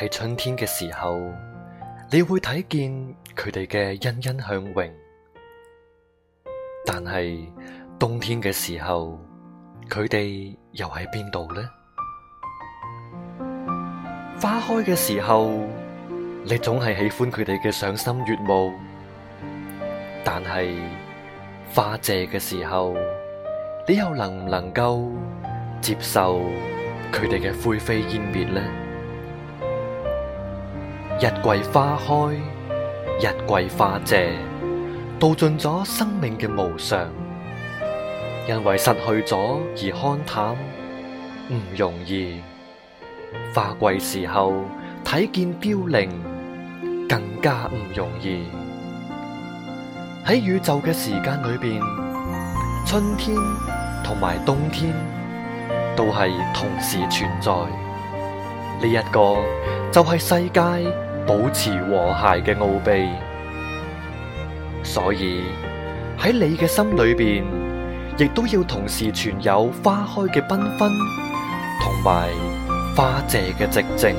喺春天嘅時候，你會睇見佢哋嘅欣欣向榮；但係冬天嘅時候，佢哋又喺邊度呢？花開嘅時候，你總係喜歡佢哋嘅賞心悅目；但係花謝嘅時候，你又能唔能夠接受佢哋嘅灰飛煙滅呢？一季花開，一季花謝，道盡咗生命嘅無常。因為失去咗而看淡，唔容易。花季時候睇見凋零，更加唔容易。喺宇宙嘅時間裏邊，春天同埋冬天都係同時存在。呢一個就係世界。保持和諧嘅奧秘，所以喺你嘅心裏邊，亦都要同時存有花開嘅繽紛，同埋花謝嘅寂靜。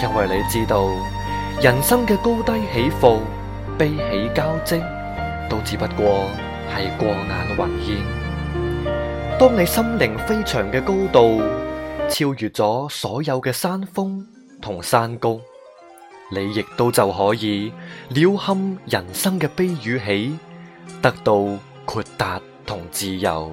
因為你知道，人生嘅高低起伏、悲喜交織，都只不過係過眼雲煙。當你心靈飛翔嘅高度，超越咗所有嘅山峰。同山谷，你亦都就可以了堪人生嘅悲與喜，得到豁達同自由。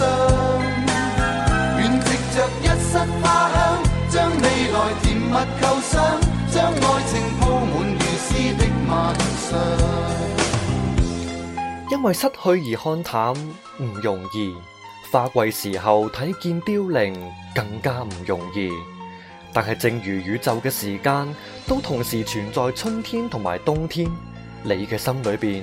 願藉着一室花香，將未來甜蜜構想，將愛情鋪滿如絲的晚上。因為失去而看淡，唔容易；花季時候睇見凋零，更加唔容易。但係，正如宇宙嘅時間，都同時存在春天同埋冬天，你嘅心裏邊。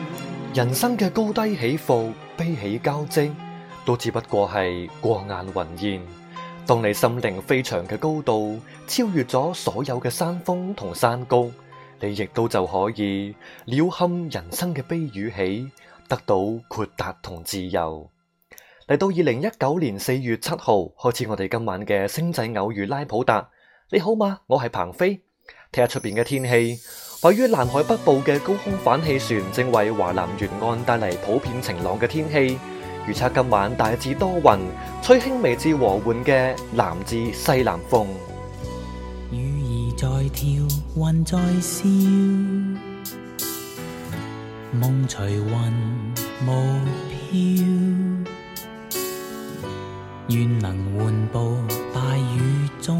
人生嘅高低起伏，悲喜交織，都只不過係過眼雲煙。當你心靈飛翔嘅高度超越咗所有嘅山峰同山谷，你亦都就可以鳥瞰人生嘅悲與喜，得到豁達同自由。嚟到二零一九年四月七號，開始我哋今晚嘅星仔偶遇拉普達。你好嗎？我係彭飛。睇下出邊嘅天氣。位於南海北部嘅高空反氣旋正為華南沿岸帶嚟普遍晴朗嘅天氣。預測今晚大致多雲，吹輕微至和緩嘅南至西南風。雨兒在跳，雲在笑，夢隨雲霧飄，願能緩步大雨中。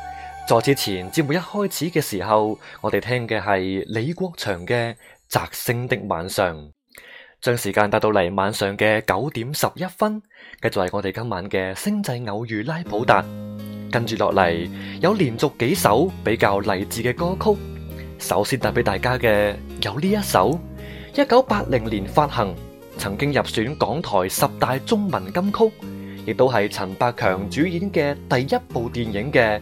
坐之前，節目一開始嘅時候，我哋聽嘅係李國祥嘅《摘星的晚上》，將時間帶到嚟晚上嘅九點十一分，繼續係我哋今晚嘅《星際偶遇拉普達》。跟住落嚟有連續幾首比較勵志嘅歌曲，首先帶俾大家嘅有呢一首一九八零年發行，曾經入選港台十大中文金曲，亦都係陳百強主演嘅第一部電影嘅。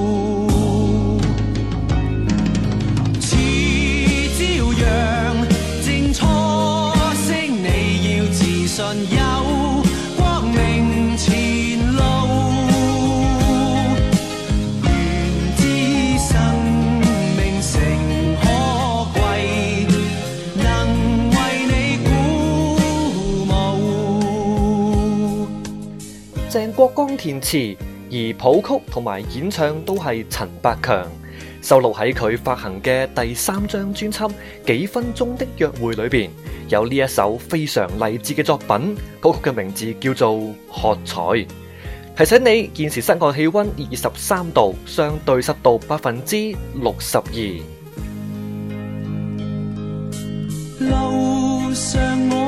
國光填詞，而譜曲同埋演唱都係陳百強，收錄喺佢發行嘅第三張專輯《幾分鐘的約會》裏邊，有呢一首非常勵志嘅作品，歌曲嘅名字叫做《喝彩》。提醒你，現時室外氣溫二十三度，相對濕度百分之六十二。樓上我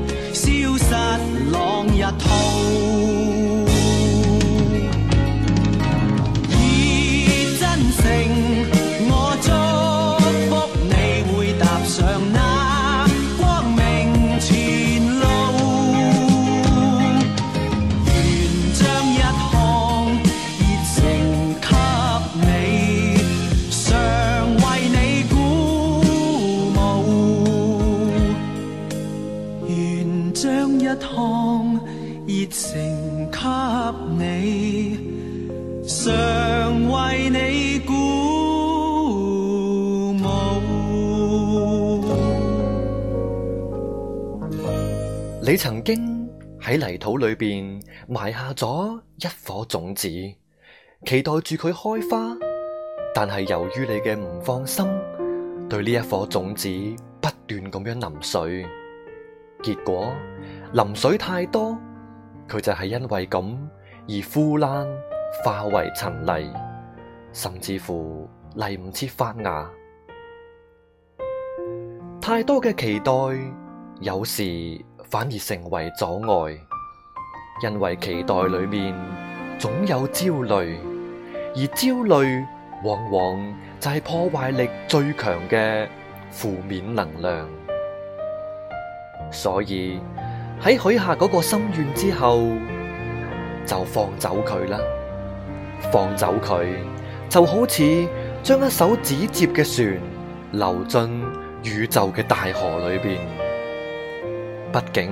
你你你曾經喺泥土裏邊埋下咗一顆種子，期待住佢開花。但係由於你嘅唔放心，對呢一顆種子不斷咁樣淋水，結果淋水太多。佢就係因為咁而腐爛，化為塵泥，甚至乎嚟唔切發芽。太多嘅期待，有時反而成為阻礙，因為期待裏面總有焦慮，而焦慮往往就係破壞力最強嘅負面能量，所以。喺許下嗰個心願之後，就放走佢啦。放走佢就好似將一艘紙摺嘅船流進宇宙嘅大河裏邊。畢竟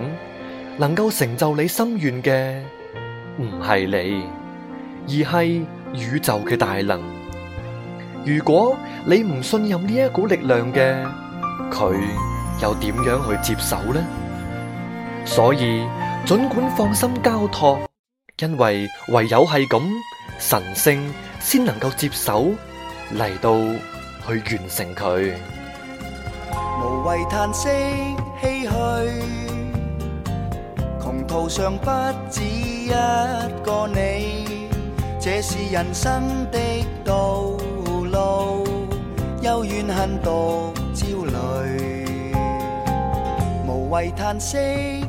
能夠成就你心願嘅唔係你，而係宇宙嘅大能。如果你唔信任呢一股力量嘅，佢又點樣去接手呢？所以，儘管放心交託，因為唯有係咁，神聖先能夠接手嚟到去完成佢。無謂嘆息唏噓，窮途上不止一個你，這是人生的道路，幽怨恨獨焦慮，無謂嘆息。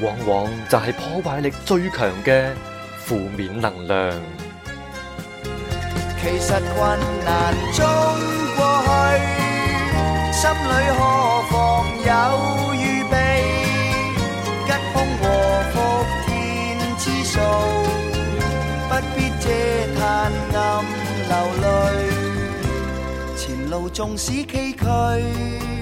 往往就係破壞力最強嘅負面能量。其實困難中過去，心裏何妨有預備？吉凶禍福天之數，不必嗟嘆暗流淚，前路縱使崎嶇。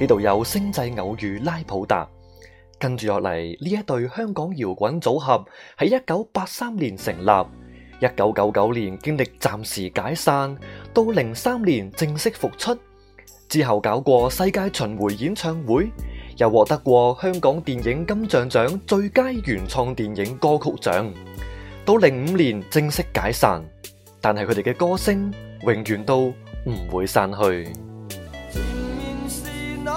呢度有星際偶遇拉普達，跟住落嚟，呢一對香港搖滾組合喺一九八三年成立，一九九九年經歷暫時解散，到零三年正式復出，之後搞過世界巡迴演唱會，又獲得過香港電影金像獎最佳原創電影歌曲獎，到零五年正式解散，但係佢哋嘅歌聲永遠都唔會散去。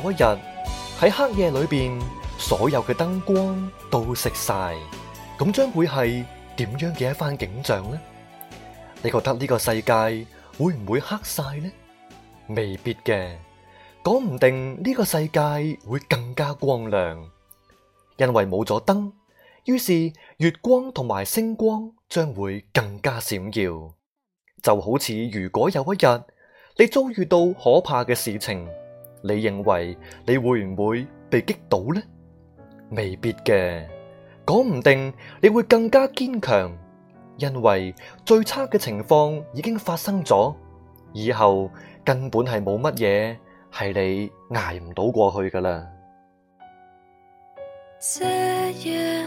有一日喺黑夜裏邊，所有嘅燈光都熄晒，咁將會係點樣嘅一番景象呢？你覺得呢個世界會唔會黑晒呢？未必嘅，講唔定呢個世界會更加光亮，因為冇咗燈，於是月光同埋星光將會更加閃耀。就好似如果有一日你遭遇到可怕嘅事情。你認為你會唔會被擊倒呢？未必嘅，講唔定你會更加堅強，因為最差嘅情況已經發生咗，以後根本係冇乜嘢係你捱唔到過去㗎喇。這夜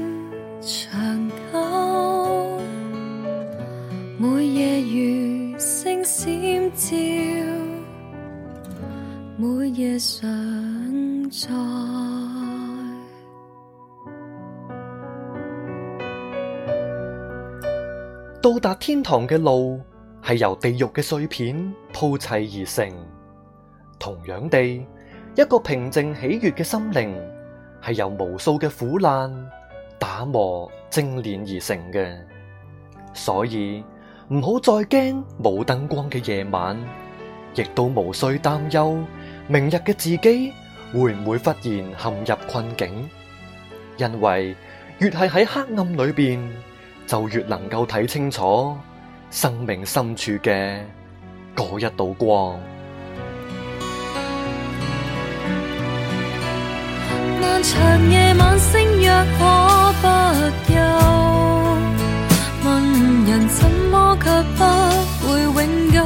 夜到達天堂嘅路係由地獄嘅碎片鋪砌而成，同樣地，一個平靜喜悅嘅心靈係由無數嘅苦難打磨精煉而成嘅，所以唔好再驚冇燈光嘅夜晚，亦都無需擔憂。明日嘅自己會唔會忽然陷入困境？因為越係喺黑暗裏邊，就越能夠睇清楚生命深處嘅嗰一道光。漫長夜晚星若可不休，問人怎麼卻不會永久？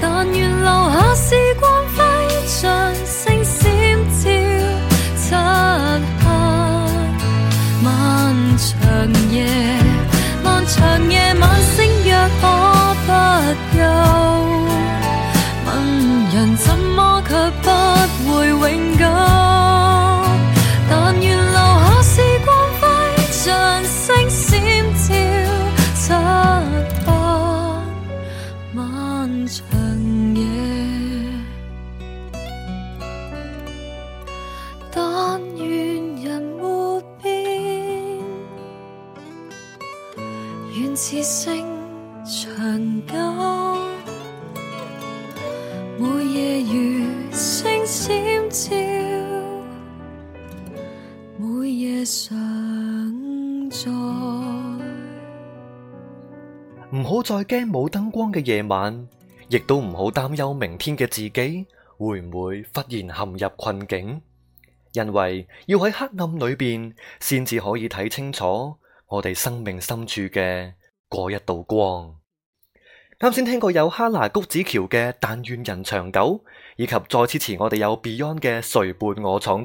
但願留下思。再驚冇燈光嘅夜晚，亦都唔好擔憂明天嘅自己會唔會忽然陷入困境。因為要喺黑暗裏邊，先至可以睇清楚我哋生命深處嘅嗰一道光。啱先聽過有哈拿谷子喬嘅《但願人長久》，以及再之前我哋有 Beyond 嘅《誰伴我闖蕩》。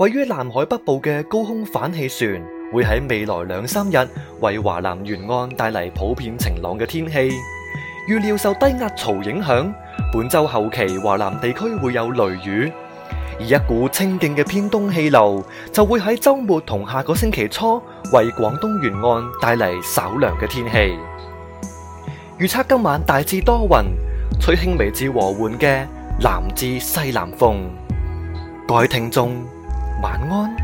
位於南海北部嘅高空反氣旋。會喺未來兩三日為華南沿岸帶嚟普遍晴朗嘅天氣。預料受低壓槽影響，本周後期華南地區會有雷雨。而一股清勁嘅偏東氣流就會喺周末同下個星期初為廣東沿岸帶嚟稍涼嘅天氣。預測今晚大致多雲，吹輕微至和緩嘅南至西南風。各位聽眾，晚安。